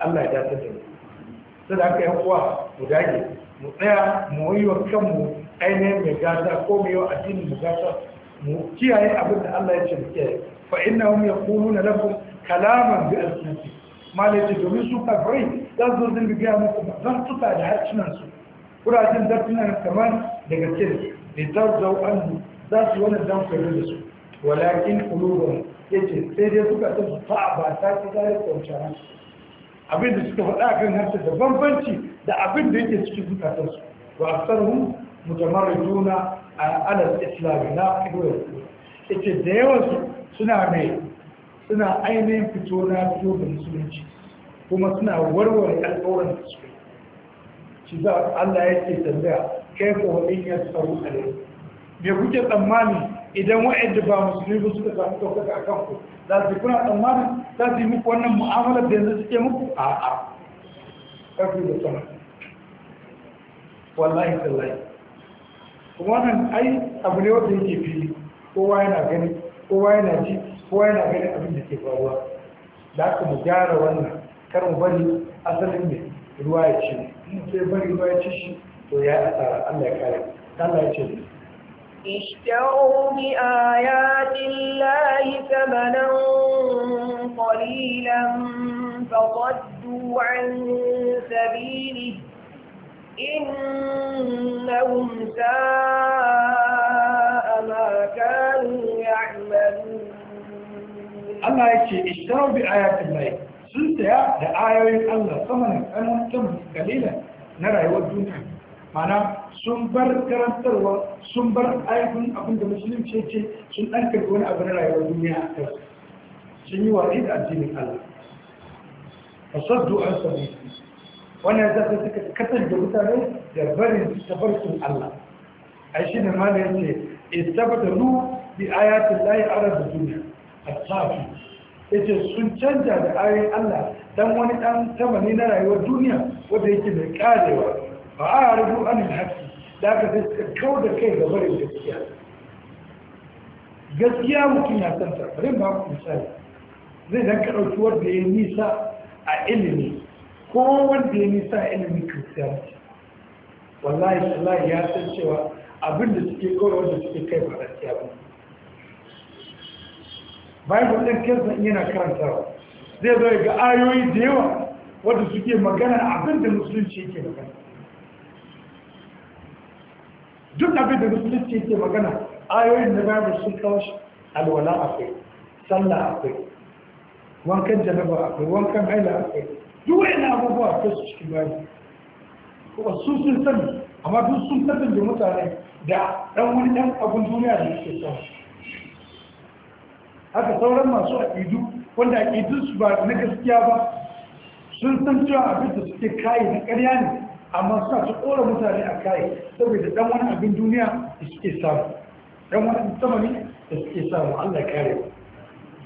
[SPEAKER 1] Allah ya dace da mu sai da aka yi kuwa mu dage mu tsaya mu yi wa kanmu ainihin mai gasa ko mu yi wa addinin mu gasa mu kiyaye abin da Allah ya ce mu kiyaye fa innahum yaquluna lakum kalaman bi alsinati malaji domin su kafirai za su zo dinga gaya muku zan tuka da harsunan su kuna jin zartunan kamar da gaske ne da zarzau an za su wani zan kwayo da su walakin kulubun yace sai dai suka ta su ba ta ci zai kwanciyar abin da suka faɗa kan harshe da da abin da yake cikin zukatarsu wa aksarhum mutamarriduna a al-islam na da yawan suna mai suna ainihin fito na fito da musulunci kuma suna warware alkawarin da suke shi za Allah ce tambaya kai ko in ya tsaro alai me kuke tsammani idan wa'anda ba musulmi ba suka samu ɗaukaka a kanku za su kuna tsammani za su yi muku wannan mu'amalar da yanzu suke muku a'a ƙarfi da sama wallahi tallahi kuma wannan ai abu ne wanda yake fili kowa yana gani kowa yana ji kowa yana abin da ke faruwa da aka mu gyara wannan kar mu bari asalin ne ruwa ya ci sai bari ruwa ya ci shi to ya asara Allah ya kare Allah ya ce
[SPEAKER 2] اشتروا بآيات الله ثمنا قليلا فصدوا عن سبيله إنهم ساء ما كانوا
[SPEAKER 1] Allah ya ce ishtarau bi ayatin lahi sun saya da ayoyin Allah sama da kananan kalila na rayuwar duniya mana sun bar karantarwa sun bar aikin abin da musulunci ce sun ɗan karɓi wani abu na rayuwar duniya a kai sun yi watsi da addinin Allah fasaddu an sabu wannan zaka suka katar da mutane da barin tabarkin Allah ai shi ne ma da yake istabdalu bi ayatin lahi arab duniya attafi yace sun canza da ayin Allah dan wani dan tamani na rayuwar duniya wanda yake mai karewa ba a rubu an haƙi da aka sai suka kau da kai ga barin gaskiya gaskiya mutum ya san ta ba ku misali zai dan karauci wanda ya nisa a ilimi ko wanda ya nisa a ilimi kristiyanci wallahi wallahi ya san cewa abin da suke kawai wanda suke kai ba gaskiya ba bible din kansa yana karantawa zai zo ga ayoyi da yawa wanda suke magana abinda da musulunci yake magana duk abin da musulunci yake magana ayoyin da bible sun kawo shi alwala akwai sallah akwai wankan janaba akwai wankan haila akwai duk wani abubuwa akwai su cikin bible kuma su sun sani amma duk sun kasance mutane da ɗan wani ɗan abin duniya da suke samu haka sauran masu aƙidu wanda su ba na gaskiya ba sun san cewa abin da suke kayi na ƙarya ne amma suna su ƙora mutane a kayi saboda ɗan wani abin duniya da suke samu ɗan wani samani da suke samu allah kare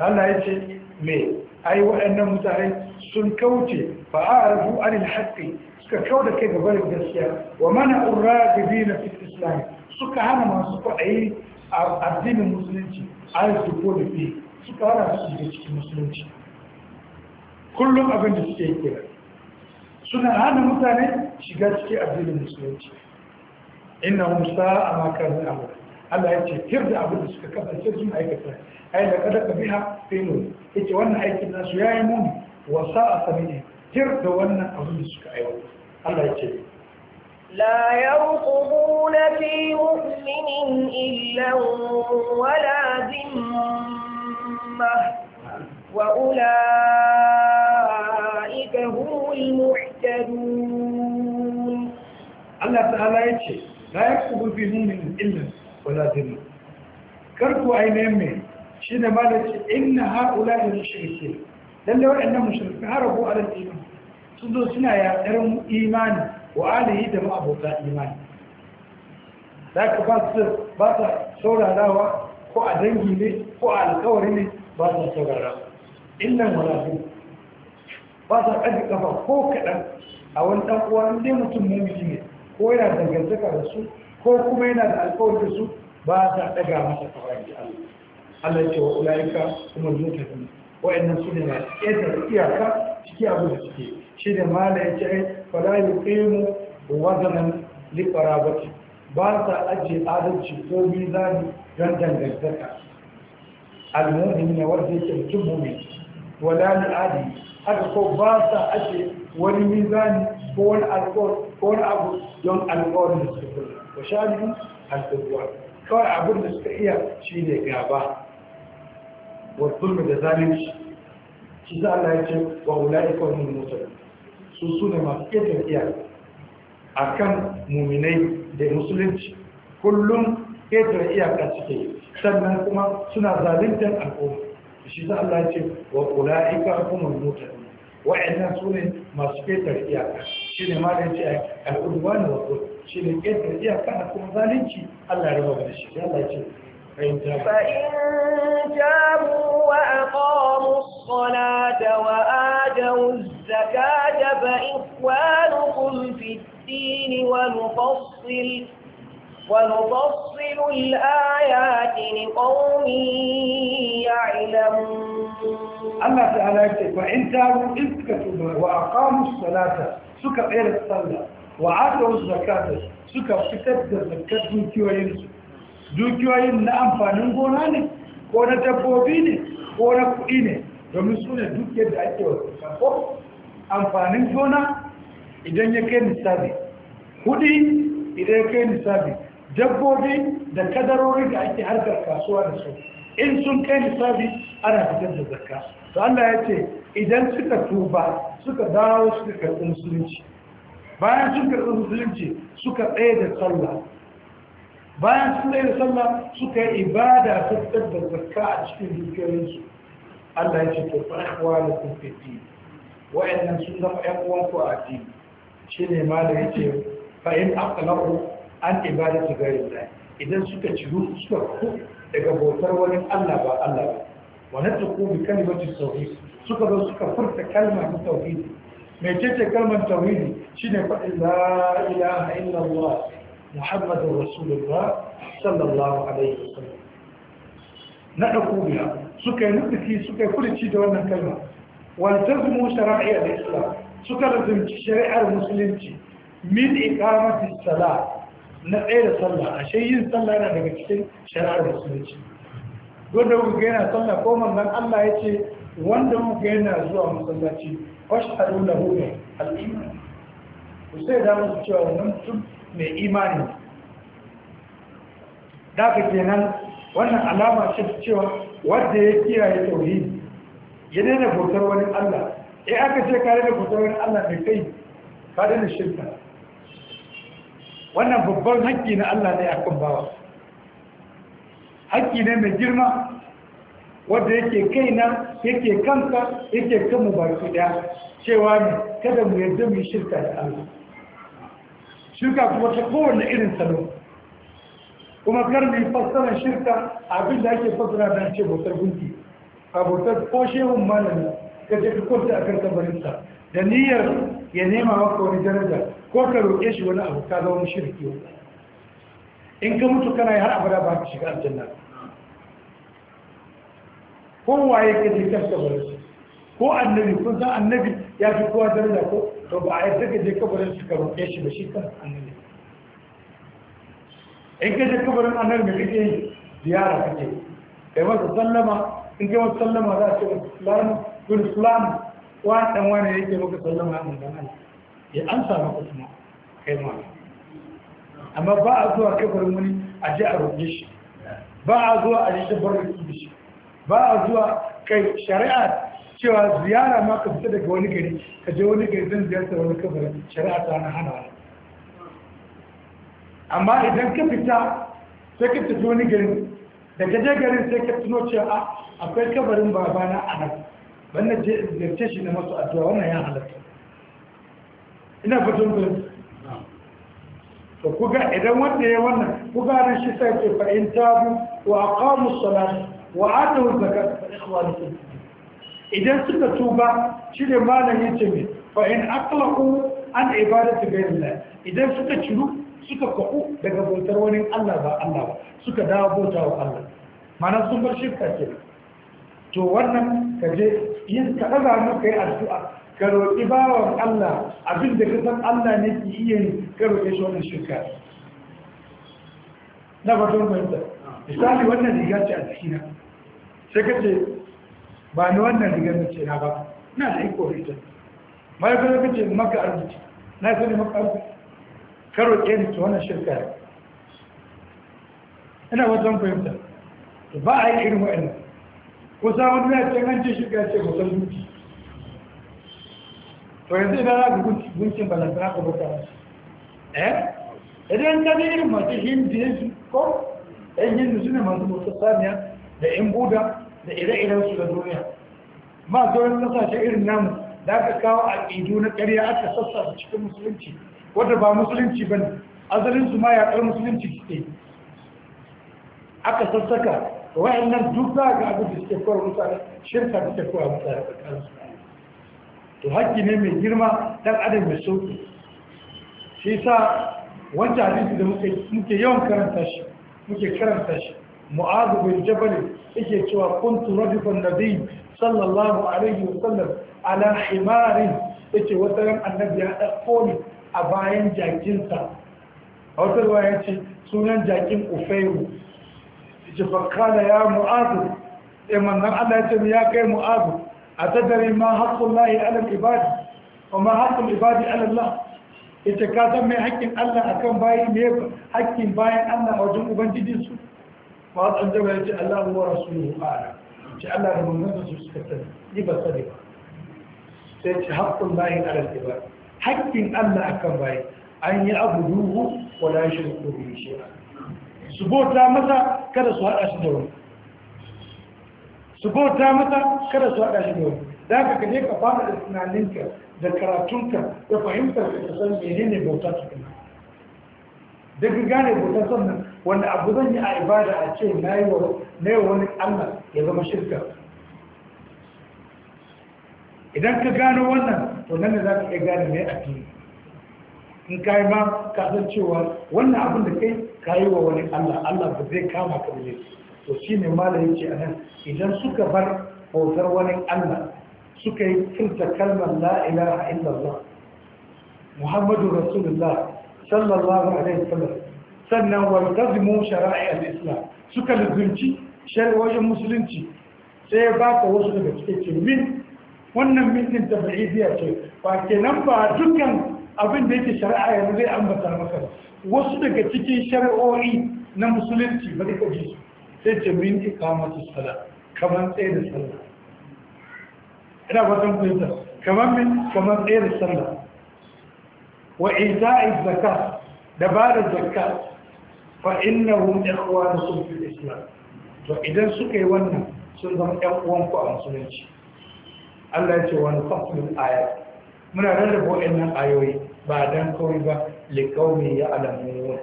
[SPEAKER 1] allah ya ce me ai waɗannan mutane sun kauce ba a rufu anil haƙƙi suka kau da kai da gaskiya wa mana urra gabi na fit islam suka hana masu kwaɗayi a addinin musulunci arziki ko da fi suka hana su shiga cikin musulunci kullum abin da suke kira suna hana mutane shiga cikin addinin musulunci inna hum sa'a ma kanu amal Allah ya ce tir da abin da suka kafa kasance sun aikata ai da kada ka biha finu yace wannan aikin nasu yayi muni wa sa'a samini tir da wannan abin da suka aiwata Allah ya ce
[SPEAKER 2] لا يرقبون في مؤمن إلا ولا ذمة وأولئك هم
[SPEAKER 1] المحتدون الله تعالى يتشي لا يرقب في مؤمن إلا ولا ذمة كركوا عينين من شين مالك إن هؤلاء المشركين لأن لو أن المشركين هربوا على الإيمان سنة يا إيماني wa alihi da ma'abota imani da ka ba su ba ta saurarawa ko a dangi ne ko a alkawari ne ba su saurara innan walafi ba sa ƙaji kafa ko kaɗan a wani ɗan uwa in dai mutum namiji ne ko yana dangantaka da su ko kuma yana da alkawari da su ba sa ɗaga masa kawai Allah ce wa ulaika kuma zuwa tafi wa'annan su ne na ƙetar iyaka ciki abu da ciki shi ne mala ya ce ai fala yi ƙimu wazanan liƙarabati ba sa ajiye adalci ko mizani don dangantaka almumin na wanda yake mutum mumin wala ni adi haka ko ba sa ajiye wani mizani ko wani alƙawar ko wani abu don alƙawarin da suke kula wa sha'anin alƙawar kawai abin da suka iya shi ne gaba wa zulmi da zalunci shi za a ya ce wa ula'ika wa hum musulun su su ne masu ke tafiya a kan muminai da musulunci kullum ƙetare iyaka suke sannan kuma suna zaluntar al'umma shi za Allah ce wa ula'ika kuma mutane wa'annan su ne masu ƙetare iyaka shi ne ma da ce al'umma ne wa shi ne ƙetare iyaka da kuma zalunci Allah ya raba da shi Allah ce فإن
[SPEAKER 2] تابوا وأقاموا الصلاة وآتوا الزكاة فإخوانكم في الدين ونفصل ونفصل الآيات لقوم يعلمون
[SPEAKER 1] أما في يكتب فإن تابوا إذ وأقاموا الصلاة سكر إلى الصلاة وآتوا الزكاة سكر فتد الزكاة من كيوينسو dukiyoyin na amfanin gona ne ko na dabbobi ne ko na kuɗi ne domin su ne duk da ake wasu amfanin gona idan ya kai nisabi kuɗi idan ya kai nisabi dabbobi da kadarori da ake harkar kasuwa da su in sun kai nisabi ana fitar da zakka to Allah ya ce idan suka tuba suka dawo suka karɓi musulunci bayan sun karɓi musulunci suka tsaye da sallah bayan sun da sallah suka yi ibada ta da zakka a cikin dukiyoyinsu Allah ya ce to fa ikhwanukum fi din wa'annan sun zama ƴan uwan ku a addini shine malam yace fa in aqlaru an ibada su ibadatu da. idan suka ciru suka ku daga bautar wani Allah ba Allah ba wa natqu bi kalimati tauhid suka zo suka furta kalma ta tauhid mai ce kalmar tauhid shine fa la ilaha illallah محمد رسول الله صلى الله عليه وسلم نأكو بها سكا نبكي سكا كل شيء دون كلمة والتزموا شرائع الإسلام سكا لزم شريعة المسلمين من إقامة الصلاة نقيل صلاة شيء صلاة أنا بكتير شرائع المسلمين gwada ku gaina sallah ko manzon Allah ya ce wanda mu gaina zuwa masallaci washhadu lahu bil iman ku sai da mu cewa wannan mutum mai imani daga kenan wannan alama ce cewa wanda ya kiyaye tauhidi ya daina bautar wani Allah ya aka ce kare da bautar wani Allah mai kai ka daina shirka wannan babban haƙƙi na Allah ne a kan bawa haƙƙi ne mai girma wanda yake na yake kanka yake kanmu baki daya cewa ne kada mu yarda mu shirka da Allah shirka kuma ta kowanne irin salo kuma karni fassara shirka abin da ake fassara don ce bautar gunki a bautar ko shehun malami ka je ka kwanta a kan kabarinsa da niyyar ya nema maka wani daraja ko ka roƙe shi wani abu ka zama shirki in ka mutu kana yi har abada ba ka shiga aljanna waye ka je kan kabarinsa ko annabi kun san annabi ya fi kowa daraja ko to ba a yi ka je kabarin suka roƙe shi ba shi kan annabi in ka je kabarin annabi mai kake ziyara kake kai masa sallama in kai masa sallama za a ce islam good islam wa dan wani ke maka sallama a manzon Allah ya amsa maka kuma kai ma amma ba a zuwa kabarin wani a je a roƙe shi ba a zuwa a je shi ba a zuwa kai shari'a cewa ziyara ma ka fita daga wani gari ka je wani gari zan ziyarta wani kabarin shari'a ta na hana amma idan ka fita sai ka tafi wani gari da ka je garin sai ka tuno cewa a ah, akwai kabarin babana a nan wannan je ziyarce shi na masu addu'a wannan ya halatta ina fatan ku to kuga idan wanda ya wannan kuga ran shi sai ke fa'in tabu wa aqamu as wa atu zakat zakata fa ikhwanukum idan suka tuba shi ne ya ce mai in aqlaqu an ibadatu bayan idan suka ciru suka kwaku daga bautar wani Allah ba Allah ba suka dawo bauta wa Allah mana sun bar shirka ce to wannan ka je yin ka daga mu yi addu'a ka roƙi bawan Allah abin da ka san Allah ne ki iya yi ka roƙe shi wannan shirka na fatan fahimta misali wannan riga ce a jikina sai ka ce ba na wannan rigar mace na ba ina da iko ita ma ya kuma kace maka arziki na sani maka arziki karo ke ni to wannan shirka ne ina wajen fahimta to ba a yi irin wa'annan ko samun na ce an ce shirka ce ko san gunki to yanzu idan za ka gunci gunkin ba lantana ka bauta ba eh idan ka yi irin masu hindi ko ɗan hindi su ne masu bautar samiya da ƴan buda da ire-iren su da duniya ba sauran kasashe irin namu da aka kawo aƙidu na ƙarya aka sassa su cikin musulunci wadda ba musulunci ba ne azalin su ma yaƙar musulunci suke aka sassaka wa'annan duk za ga abu da suke kowar mutane shirka da suke kowar mutane tsakaninsu to haƙƙi ne mai girma ɗan adam mai sauƙi shi sa wancan hadisi da muke yawan karanta shi muke karanta shi معاذ بن جبل يجي تشوا كنت رجل النبي صلى الله عليه وسلم على حمار يجي وتران النبي هذا قولي أباين جاكينسا أوتر وينشي سونان جاكين أفيرو يجي فقال يا معاذ إما نعم الله يجي يا كي معاذ أتدري ما حق الله على العباد وما حق العباد على الله يجي كاتب من حق الله أكم باين ميب حق باين الله وجمع بنجي fa'ad jaba ya ce Allah wa yi ala ce Allah da manzon su suka sani ni ba sani ba sai ce haqqun bayan ala al-ibad haqqin Allah kan bayi an yi abu abuduhu wa la yushriku bihi shay'a su bota masa kada su haɗa shi da wani su bota masa kada su haɗa shi da wani da ka kaje ka fara da tunaninka da karatunka da fahimtar ka san menene bauta ta daga gane bautar sannan wanda abu zan yi a ibada a ce na yi wa wani allah ya zama shirka idan ka gano wannan to nan da za ka iya gane mai addini in ka yi ma ka san cewa wannan abin da kai ka yi wa wani allah allah ba zai kama ka ne to shi ne malayin ce a nan idan suka bar bautar wani allah suka yi filta kalmar la ilaha illallah muhammadu rasulullah sallallahu alaihi wasallam sannan waltazimu shara'i al-islam suka luzunci shari'o'in musulunci sai ya ba ka wasu daga cikin min wannan min din ba'i ba'idiyya ce ba nan ba dukkan abin da yake shari'a yanzu zai ambata maka wasu daga cikin shari'o'i na musulunci ba ka ji su sai ce min iqamatu sala kamar tsaye da sallah ina fatan fahimta kamar min kamar tsaye da sallah wa ita'i zakat da ba da zakat fa innahum ikhwanukum fil islam to idan suka yi wannan sun zama ɗan uwanku a musulunci Allah ya ce wani fasulun aya muna rarraba waɗannan ayoyi ba dan kawai ba liqaumi ya alamu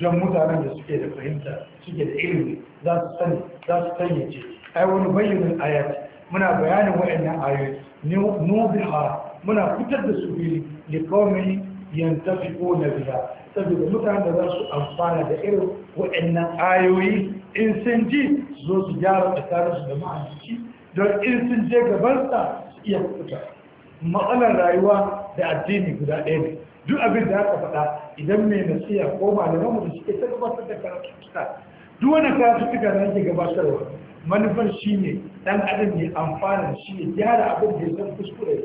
[SPEAKER 1] don mutanen da suke da fahimta suke da ilimi za su sani za su ce ai wani bayyanin ayat muna bayanin waɗannan ayoyi nubiha muna fitar da su fili ko na biya saboda mutane za su amfana da irin waɗannan ayoyi in sun ji zo su gyara su da ma'anci don in sun je gabansa su iya kuta matsalar rayuwa da addini guda ɗaya ne duk abin da aka faɗa idan mai nasiya ko malamanmu da suke ta gabatar da karatuttuka duk wani karatuttuka da ake gabatarwa manufar shi ne ɗan adam ya amfana shi ya gyara abin da ya san kuskure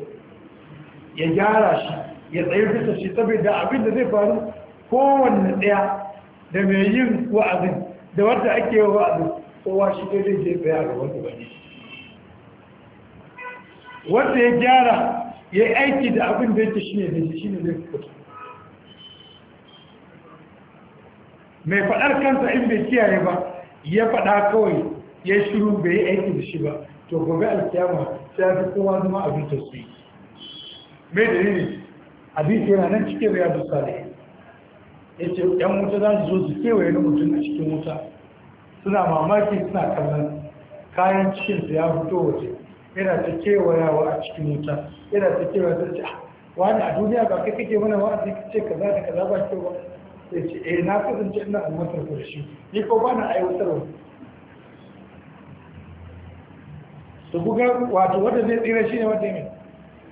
[SPEAKER 1] ya gyara shi ya tsaye fita shi saboda abin da zai faru kowanne ɗaya da mai yin wa'azin da wadda ake wa'azin kowa shi ne zai je tsaya da wanda bane wanda ya gyara ya yi aiki da abin da yake shine ne ne zai fito mai faɗar kansa in bai kiyaye ba ya faɗa kawai ya shiru bai yi aiki da shi ba to gobe alkiyama sai ya fi kowa zama abin tasiri mai dalili abin yana nan cikin da salihin ya ce ‘yan wuta za su zo su kewaye na mutum a cikin wuta suna mamaki suna kallon kayan cikinsu ya fito waje yana ta kewayawa a cikin wuta yana ta kewaya ta ce ah, wani a duniya ba kai kake mana wa a ce za da kaza ba ke ba sai ce eh na kasance ina almatar kurshi ni ko ba na aiwatarwa su buga wato wanda zai tsira shi ne wanda ne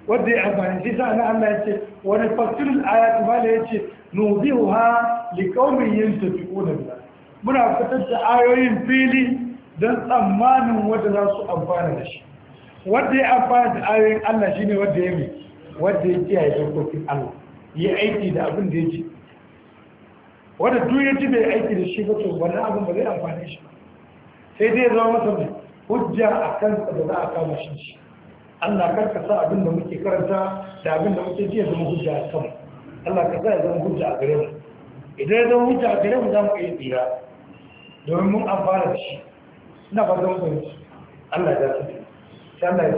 [SPEAKER 1] wanda ya amfani shi sa na Allah ya ce wani fassirul ayatu ma da ya ce nuzihuha liqaumin yantafiquna biya. muna fitar da ayoyin fili don tsammanin wanda za su amfana da shi wanda ya amfana da ayoyin Allah shine wanda ya mai wanda ya kiyaye dokokin Allah ya aiki da abin da ya yake wanda duk ya ji bai aiki da shi ba to wannan abin ba zai amfane shi ba sai dai zama masa mai hujja a kansa da za a kama shi Allah sa abin da muke karanta da abin da muke jiya zama hujja a kanmu Allah ka sa ya zama hujja a gare mu idan ya zama hujja a gare mu za mu iya tsira domin mun amfana da shi ina ba zama sun Allah ya zafi sai Allah ya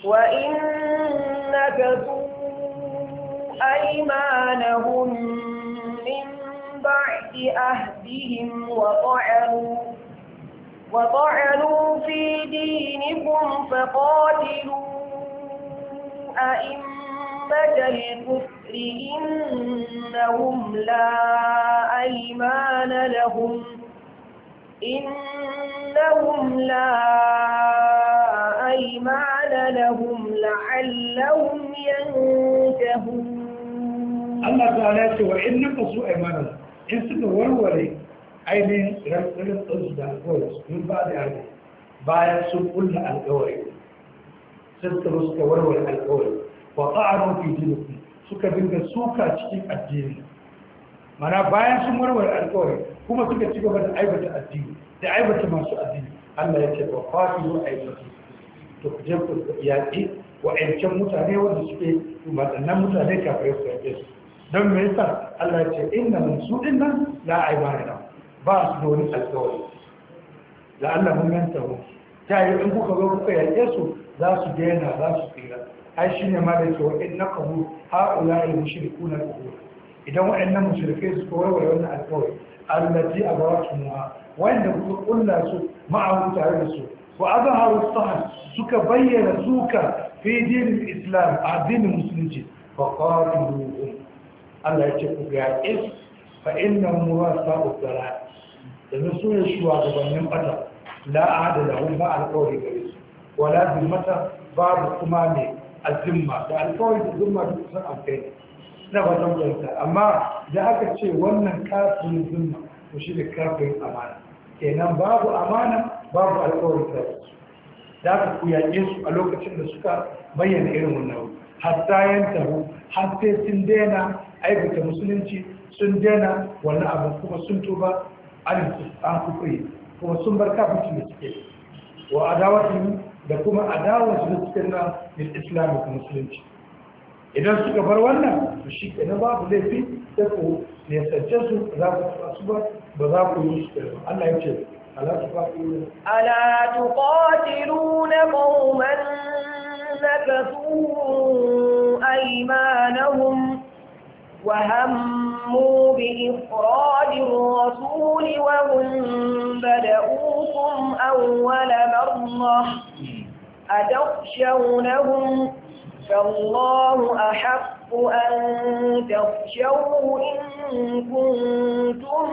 [SPEAKER 2] ce wa innaka tu aymanahum min ba'di ahdihim wa ta'anu وطعنوا في دينكم فقاتلوا أئمة مدى الكفر إنهم لا أيمان لهم إنهم لا أيمان لهم لعلهم ينتهون
[SPEAKER 1] أما قالت وإن قصوا أيمان الله إن سنة ورولي أيمن رسل الأزداء قولت من بعد أرضي بعد سنقل الأوري سنة رسل ورولي الأوري wa ta'anu fi dinikum suka dinga suka cikin addini mana bayan sun warware alƙawari kuma suka ci gaba da aibata addini da aibata masu addini Allah ya ce wa qatilu aibati to ku je ku yaƙi wa mutane wanda suke wadannan mutane kafirai su yaƙe su don me yasa Allah ya ce inna su su'in nan la aibara nan, ba su da wani alƙawari la Allah mun yanta ta yi in kuka zo kuka yaƙe su za su daina za su tsira ai shine ma da ke wa innakahu haula al mushrikuna al-qur idan waɗannan mushrikai su warware wannan alƙawari allati abawatumuha wanda kuka kulla su ma'ahu tare da su wa azharu sahan suka bayyana suka fi dinin islam addinin musulunci fa qatiluhum Allah ya ce ku ga is fa innahum murasa'u dalal domin su ne shugabannin bata la da lahum ba alƙawari gare su wala bi mata babu kuma mai azimma da alkawari da zimma da kusan alkai na wajen zan amma da aka ce wannan kafin zimma ko shi da kafin amana kenan babu amana babu alkawari da su da aka ku yaƙe su a lokacin da suka bayyana irin wannan hatta yan taho har sai sun daina aikata musulunci sun daina wannan abu kuma sun tuba an kufri kuma sun bar kafin da suke wa adawatin da kuma adawarsu da suke na fil musulunci idan suka bar wannan to shi kenan babu laifi sai ku ne sace su za ku tsara su ba ba za ku yi su ba Allah ya ce ألا
[SPEAKER 2] تقاتلون قوما نكثوا أيمانهم وهموا بإخراج الرسول وهم بدؤوكم أول مرة أتخشونهم فالله أحق أن تخشوه إن كنتم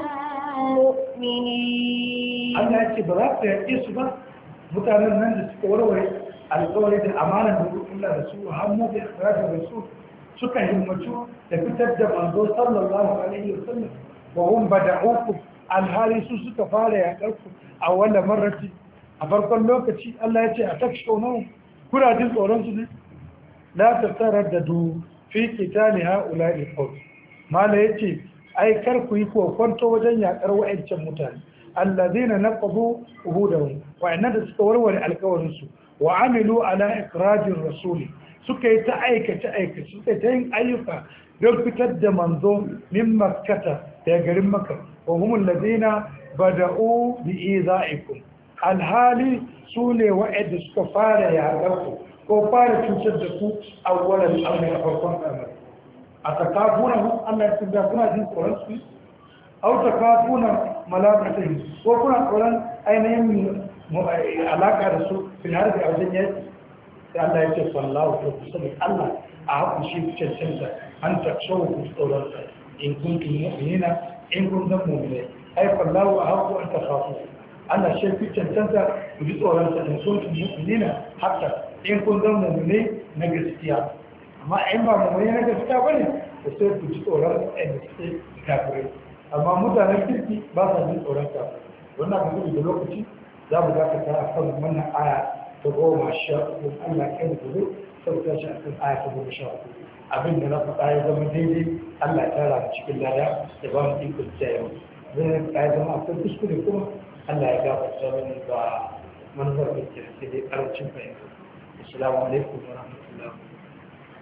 [SPEAKER 2] مؤمنين
[SPEAKER 1] Allah ya ce ba za ta yaƙe su ba mutanen nan da suka warware alƙawari da amana da hukunla da su hannu da ikirarin da su suka himmatu da fitar da manzo sallallahu alaihi wa sallam wa hum bada'ukum alhali su suka fara yaƙar ku a wannan marrati a farkon lokaci Allah ya ce a takshonu Kura jin tsoron su ne la tattarar da du fi kitani haula ilqaw mala yace ai kar ku yi kokonto wajen yakar wa'ancan mutane allazina naqadu uhudahum wa da suka warware alkawarin su wa amilu ala ikrajir rasuli suka yi ta aikace aikace suka ta yin ayyuka don fitar da manzo min makkata daga garin makka wa humul ladina bada'u bi izaikum alhali su ne wa'yanda suka fara ku ko fara cutar da su a wurin amur a farkon ƙarnar a ta kafuna hun allah ya da kuna jin tsoron su au ta kafuna yi. ko kuna tsoron ainihin eh, alaƙa da su filar da wajen yaki da allah ya ce sallahu ta kusa da allah a haku shi cancanta an ta tsoron ku tsoron in kun kin mu'minina in kun zan mu'minai ai sallahu a haku an ta kafuna ana shi fi cancanta ku ji tsoron sa da sun mu'minina hatta in kun zama ne na gaskiya amma in ba mu ne na gaskiya bane to sai ku ji tsoron sa da sai kafirai amma mutanen kirki ba sa ji tsoron ka wannan gudu da lokaci za mu dakata a kan wannan aya ta goma sha uku Allah ya da gobe sau ta shi a kan aya ta goma sha uku abin da na faɗa ya zama daidai Allah ya tara cikin laya ya ba mu ikon tsayawa zai ya zama akwai kuskure kuma Allah ya gafarta mini ba manufar da ke sai dai karancin fahimta assalamu alaikum wa rahmatullah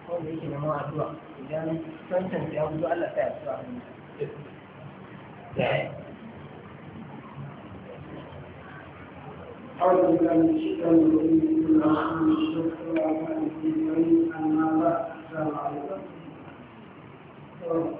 [SPEAKER 2] wanda yake na mawa addu'a idan tantan ya gudu Allah ta yi
[SPEAKER 1] addu'a أعوذ بالله من الشيطان الرجيم بسم الله الرحمن الرحيم أما بعد السلام
[SPEAKER 2] عليكم